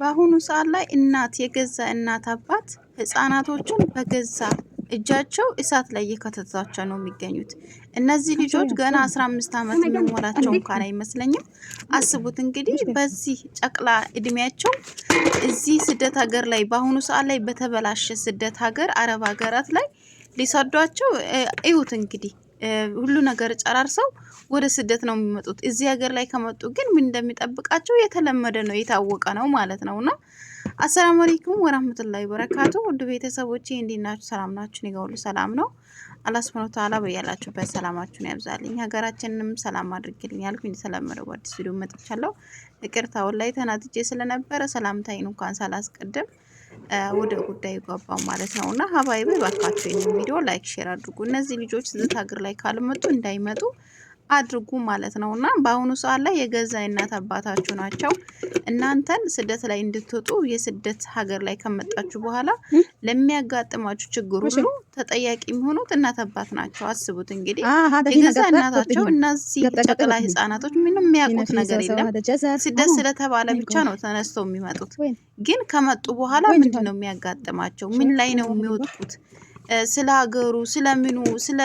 በአሁኑ ሰዓት ላይ እናት የገዛ እናት አባት ህፃናቶቹን በገዛ እጃቸው እሳት ላይ እየከተቷቸው ነው የሚገኙት። እነዚህ ልጆች ገና አስራ አምስት ዓመት የሚሞላቸው እንኳን አይመስለኝም። አስቡት እንግዲህ በዚህ ጨቅላ እድሜያቸው እዚህ ስደት ሀገር ላይ በአሁኑ ሰዓት ላይ በተበላሸ ስደት ሀገር አረብ ሀገራት ላይ ሊሰዷቸው እዩት እንግዲህ ሁሉ ነገር ጨራርሰው ወደ ስደት ነው የሚመጡት። እዚህ ሀገር ላይ ከመጡ ግን ምን እንደሚጠብቃቸው የተለመደ ነው የታወቀ ነው ማለት ነው። እና አሰላሙ አለይኩም ወራህመቱላሂ ወበረካቱ ውድ ቤተሰቦቼ እንዴት ናችሁ? ሰላም ናችሁ? እኔ ጋር ሁሉ ሰላም ነው። አላህ ሱብሃነሁ ወተዓላ በያላችሁበት ሰላማችሁን ያብዛልኝ፣ ሀገራችንንም ሰላም አድርግልኝ ያልኩኝ እንደተለመደው በአዲስ ቪዲዮ መጥቻለሁ። ይቅርታ ላይ ተናትጄ ስለነበረ ሰላምታዬን እንኳን ሳላስቀድም ወደ ጉዳይ ገባ ማለት ነው። እና ሀባይቤ ባካቸው ይህን ቪዲዮ ላይክ ሼር አድርጉ። እነዚህ ልጆች ዝት ሀገር ላይ ካልመጡ እንዳይመጡ አድርጉ ማለት ነው። እና በአሁኑ ሰዓት ላይ የገዛ እናት አባታችሁ ናቸው እናንተን ስደት ላይ እንድትወጡ የስደት ሀገር ላይ ከመጣችሁ በኋላ ለሚያጋጥማችሁ ችግር ሁሉ ተጠያቂ የሚሆኑት እናት አባት ናቸው። አስቡት እንግዲህ የገዛ እናታቸው። እነዚህ ጨቅላ ህጻናቶች ምንም የሚያውቁት ነገር የለም። ስደት ስለተባለ ብቻ ነው ተነስተው የሚመጡት። ግን ከመጡ በኋላ ምንድን ነው የሚያጋጥማቸው? ምን ላይ ነው የሚወጥቁት? ስለ ሀገሩ፣ ስለምኑ፣ ስለ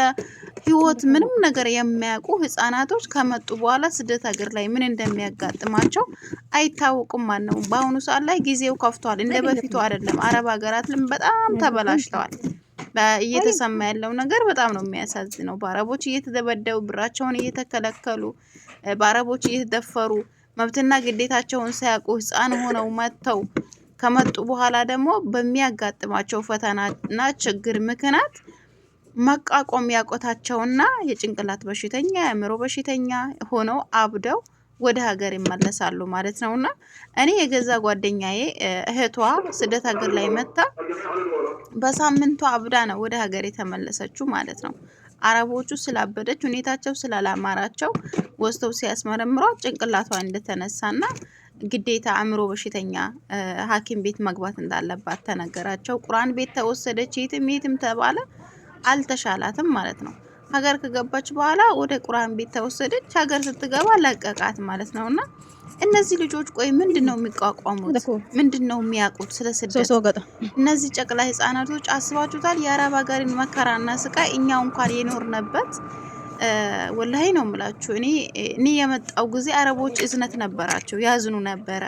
ህይወት ምንም ነገር የሚያውቁ ህጻናቶች ከመጡ በኋላ ስደት ሀገር ላይ ምን እንደሚያጋጥማቸው አይታወቁም። ማን ነው በአሁኑ ሰዓት ላይ ጊዜው ከፍቷል። እንደ በፊቱ አይደለም። አረብ ሀገራት ልም በጣም ተበላሽተዋል። እየተሰማ ያለው ነገር በጣም ነው የሚያሳዝነው። በአረቦች እየተደበደቡ ብራቸውን እየተከለከሉ፣ በአረቦች እየተደፈሩ መብትና ግዴታቸውን ሳያውቁ ህፃን ሆነው መጥተው ከመጡ በኋላ ደግሞ በሚያጋጥማቸው ፈተናና ችግር ምክንያት መቋቋም ያቆታቸውና የጭንቅላት በሽተኛ የአእምሮ በሽተኛ ሆነው አብደው ወደ ሀገር ይመለሳሉ ማለት እና እኔ የገዛ ጓደኛዬ እህቷ ስደት ሀገር ላይ መታ በሳምንቷ አብዳ ነው ወደ ሀገር የተመለሰችው ማለት ነው። አረቦቹ ስላበደች ሁኔታቸው ስላላማራቸው ወስተው ሲያስመረምሯት ጭንቅላቷ እንደተነሳና ግዴታ አእምሮ በሽተኛ ሐኪም ቤት መግባት እንዳለባት ተነገራቸው። ቁርአን ቤት ተወሰደች። የትም የትም ተባለ አልተሻላትም ማለት ነው። ሀገር ከገባች በኋላ ወደ ቁርአን ቤት ተወሰደች። ሀገር ስትገባ ለቀቃት ማለት ነው። እና እነዚህ ልጆች ቆይ ምንድን ነው የሚቋቋሙት? ምንድን ነው የሚያውቁት ስለ ስደት? እነዚህ ጨቅላ ህጻናቶች አስባችሁታል? የአረብ ሀገርን መከራና ስቃይ እኛው እንኳን የኖርነበት ወላሂ ነው የምላችሁ። እኔ እኔ የመጣው ጊዜ አረቦች እዝነት ነበራቸው፣ ያዝኑ ነበረ።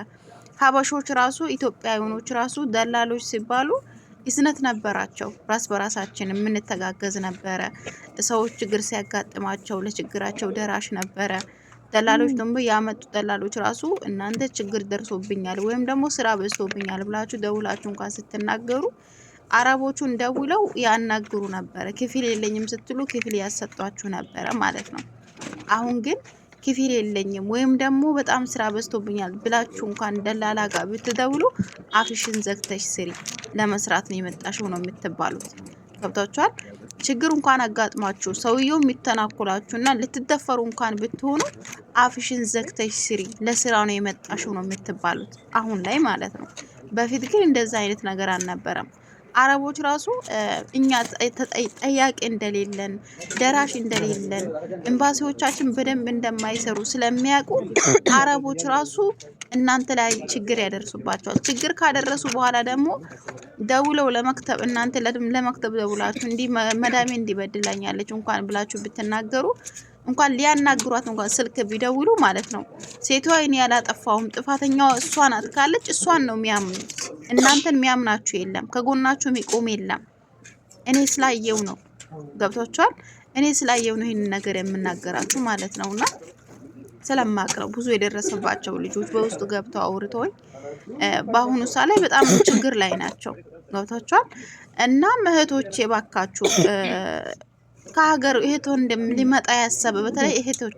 ሀበሾች ራሱ ኢትዮጵያውያኖች ራሱ ደላሎች ሲባሉ እዝነት ነበራቸው። ራስ በራሳችን የምንተጋገዝ ነበረ። ሰዎች ችግር ሲያጋጥማቸው ለችግራቸው ደራሽ ነበረ። ደላሎች ደግሞ ያመጡ ደላሎች ራሱ እናንተ ችግር ደርሶብኛል ወይም ደግሞ ስራ በዝቶብኛል ብላችሁ ደውላችሁ እንኳን ስትናገሩ አረቦቹን ደውለው ያናግሩ ነበረ። ክፍል የለኝም ስትሉ ክፍል ያሰጧችሁ ነበረ ማለት ነው። አሁን ግን ክፍል የለኝም ወይም ደግሞ በጣም ስራ በዝቶብኛል ብላችሁ እንኳን ደላላ ጋር ብትደውሉ አፍሽን ዘግተሽ ስሪ፣ ለመስራት ነው የመጣሽው ነው የምትባሉት። ገብታችኋል? ችግር እንኳን አጋጥሟችሁ ሰውየው የሚተናኩላችሁና ልትደፈሩ እንኳን ብትሆኑ አፍሽን ዘግተሽ ስሪ፣ ለስራ ነው የመጣሽው ነው የምትባሉት አሁን ላይ ማለት ነው። በፊት ግን እንደዛ አይነት ነገር አልነበረም። አረቦች ራሱ እኛ ጠያቂ እንደሌለን ደራሽ እንደሌለን ኤምባሲዎቻችን በደንብ እንደማይሰሩ ስለሚያውቁ አረቦች ራሱ እናንተ ላይ ችግር ያደርሱባቸዋል። ችግር ካደረሱ በኋላ ደግሞ ደውለው ለመክተብ እናንተ ለመክተብ ደውላችሁ እንዲህ መዳሜ እንዲበድላኛለች እንኳን ብላችሁ ብትናገሩ እንኳን ሊያናግሯት እንኳን ስልክ ቢደውሉ ማለት ነው ሴቷ እኔ ያላጠፋውም ጥፋተኛዋ እሷ ናት ካለች እሷን ነው የሚያምኑት። እናንተን የሚያምናችሁ የለም፣ ከጎናችሁ የሚቆም የለም። እኔ ስላየው ነው ገብቷችኋል። እኔ ስላየው ነው ይህንን ነገር የምናገራችሁ ማለት ነውና ስለማቅ ነው ብዙ የደረሰባቸው ልጆች በውስጡ ገብተው አውርተውኝ በአሁኑ ሰዓት ላይ በጣም ችግር ላይ ናቸው። ገብቷቸዋል። እና እህቶች የባካችሁ ከሀገር እህት ወንድም ሊመጣ ያሰበ በተለይ እህቶች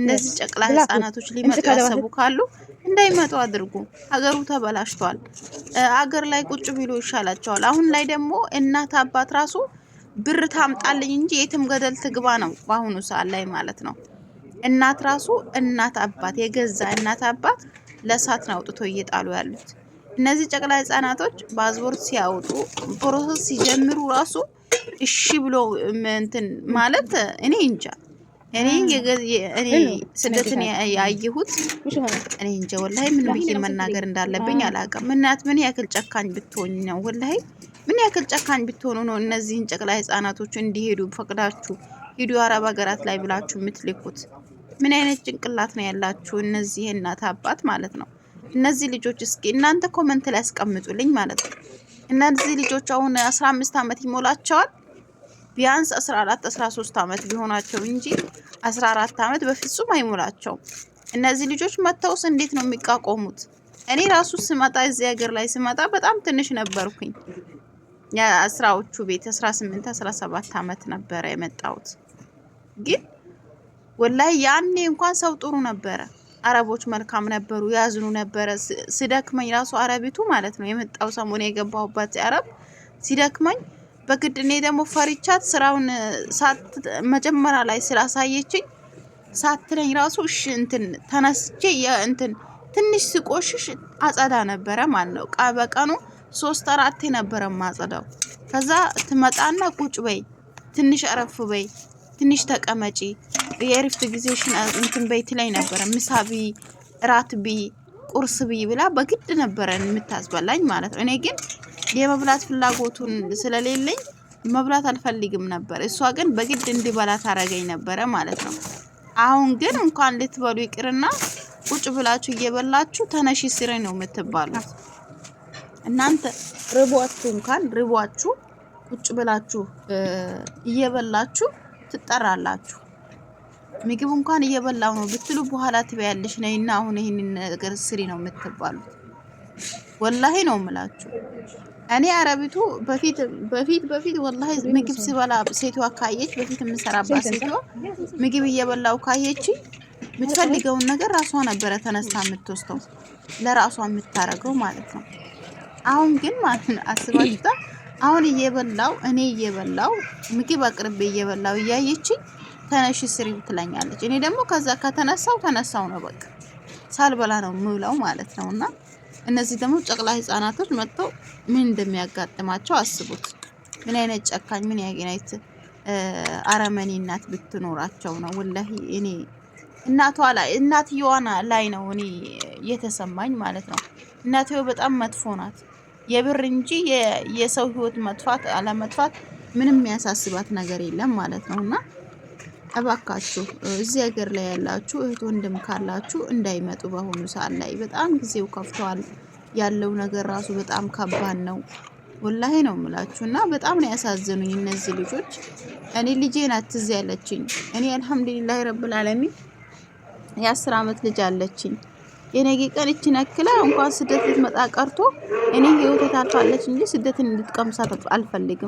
እንደዚህ ጨቅላ ህጻናቶች ሊመጡ ያሰቡ ካሉ እንዳይመጡ አድርጉ። ሀገሩ ተበላሽቷል። አገር ላይ ቁጭ ቢሉ ይሻላቸዋል። አሁን ላይ ደግሞ እናት አባት ራሱ ብር ታምጣልኝ እንጂ የትም ገደል ትግባ ነው በአሁኑ ሰዓት ላይ ማለት ነው። እናት ራሱ እናት አባት የገዛ እናት አባት ለእሳት ነው አውጥቶ እየጣሉ ያሉት። እነዚህ ጨቅላ ህጻናቶች ፓስፖርት ሲያወጡ ፕሮሰስ ሲጀምሩ ራሱ እሺ ብሎ እንትን ማለት እኔ እንጃ። እኔ እኔ ስደትን ያየሁት እኔ እንጃ ወላሂ ምን ብዬ መናገር እንዳለብኝ አላውቅም። እናት ምን ያክል ጨካኝ ብትሆኝ ነው ወላሂ ምን ያክል ጨካኝ ብትሆኑ ነው እነዚህን ጨቅላ ህጻናቶች እንዲሄዱ ፈቅዳችሁ ሂዱ አረብ ሀገራት ላይ ብላችሁ የምትልኩት? ምን አይነት ጭንቅላት ነው ያላችሁ እነዚህ እናት አባት ማለት ነው። እነዚህ ልጆች እስኪ እናንተ ኮመንት ላይ ያስቀምጡልኝ ማለት ነው። እነዚህ ልጆች አሁን አስራ አምስት አመት ይሞላቸዋል ቢያንስ 14 13 ዓመት ቢሆናቸው እንጂ 14 ዓመት በፍጹም አይሞላቸውም። እነዚህ ልጆች መተውስ እንዴት ነው የሚቃቆሙት? እኔ ራሱ ስመጣ እዚህ ሀገር ላይ ስመጣ በጣም ትንሽ ነበርኩኝ። የአስራዎቹ ቤት 18 17 ዓመት ነበረ የመጣሁት። ግን ወላይ ያኔ እንኳን ሰው ጥሩ ነበረ። አረቦች መልካም ነበሩ፣ ያዝኑ ነበረ። ሲደክመኝ ራሱ አረቢቱ ማለት ነው የመጣው ሰሞን የገባሁባት አረብ ሲደክመኝ በግድ እኔ ደግሞ ፈሪቻት ስራውን መጀመሪያ ላይ ስላሳየችኝ ሳትለኝ ራሱ እሺ እንትን ተነስቼ እንትን ትንሽ ስቆሽሽ አጸዳ ነበረ ማለት ነው። ቃ በቀኑ ሶስት አራት ነበረ ማጸዳው። ከዛ ትመጣና ቁጭ በይ ትንሽ አረፍ በይ ትንሽ ተቀመጪ የእረፍት ጊዜሽን እንትን በይ ትለኝ ነበረ። ምሳ ቢ እራት ቢ ቁርስ ብይ ብላ በግድ ነበረ የምታስበላኝ ማለት ነው። እኔ ግን የመብላት ፍላጎቱን ስለሌለኝ መብላት አልፈልግም ነበር። እሷ ግን በግድ እንዲበላ ታረገኝ ነበረ ማለት ነው። አሁን ግን እንኳን ልትበሉ ይቅርና ቁጭ ብላችሁ እየበላችሁ ተነሺ ስሪ ነው የምትባሉት። እናንተ ርቧችሁ እንኳን ርቧችሁ ቁጭ ብላችሁ እየበላችሁ ትጠራላችሁ። ምግብ እንኳን እየበላው ነው ብትሉ በኋላ ትበያለሽ ነይና አሁን ይህንን ነገር ስሪ ነው የምትባሉት። ወላሂ ነው የምላችሁ። እኔ አረቢቱ በፊት በፊት በፊት ወላሂ ምግብ ስበላ ሴቷ ካየች በፊት የምሰራባት ሴቷ ምግብ እየበላው ካየች የምትፈልገውን ነገር ራሷ ነበረ ተነስታ የምትወስደው ለራሷ የምታረገው ማለት ነው። አሁን ግን ማለት ነው አስባችሁታ። አሁን እየበላው እኔ እየበላው ምግብ አቅርቤ እየበላው እያየች ተነሽ ስሪ ትለኛለች። እኔ ደግሞ ከዛ ከተነሳው ተነሳው ነው በቃ ሳልበላ ነው የምውለው ማለት ነው እና እነዚህ ደግሞ ጨቅላ ህጻናቶች መጥተው ምን እንደሚያጋጥማቸው አስቡት። ምን አይነት ጨካኝ ምን አይነት አረመኔ እናት ብትኖራቸው ነው። ወላሂ እኔ እናቷ ላይ እናትየዋ ላይ ነው እኔ የተሰማኝ ማለት ነው። እናትየው በጣም መጥፎ ናት። የብር እንጂ የሰው ህይወት መጥፋት አለመጥፋት ምንም የሚያሳስባት ነገር የለም ማለት ነው እና እባካችሁ እዚህ ሀገር ላይ ያላችሁ እህት ወንድም ካላችሁ እንዳይመጡ በአሁኑ ሰዓት ላይ በጣም ጊዜው ከፍተዋል። ያለው ነገር ራሱ በጣም ከባድ ነው። ወላሄ ነው የምላችሁ እና በጣም ነው ያሳዘኑኝ እነዚህ ልጆች። እኔ ልጄ ናት እዚህ ያለችኝ። እኔ አልሐምዱሊላህ ረብል የአስር ዓመት ልጅ አለችኝ። የነገ ቀን እቺ ነክላ እንኳን ስደት ልትመጣ ቀርቶ እኔ ህይወቴ ታልፋለች እንጂ ስደትን እንድትቀምሳት አልፈልግም።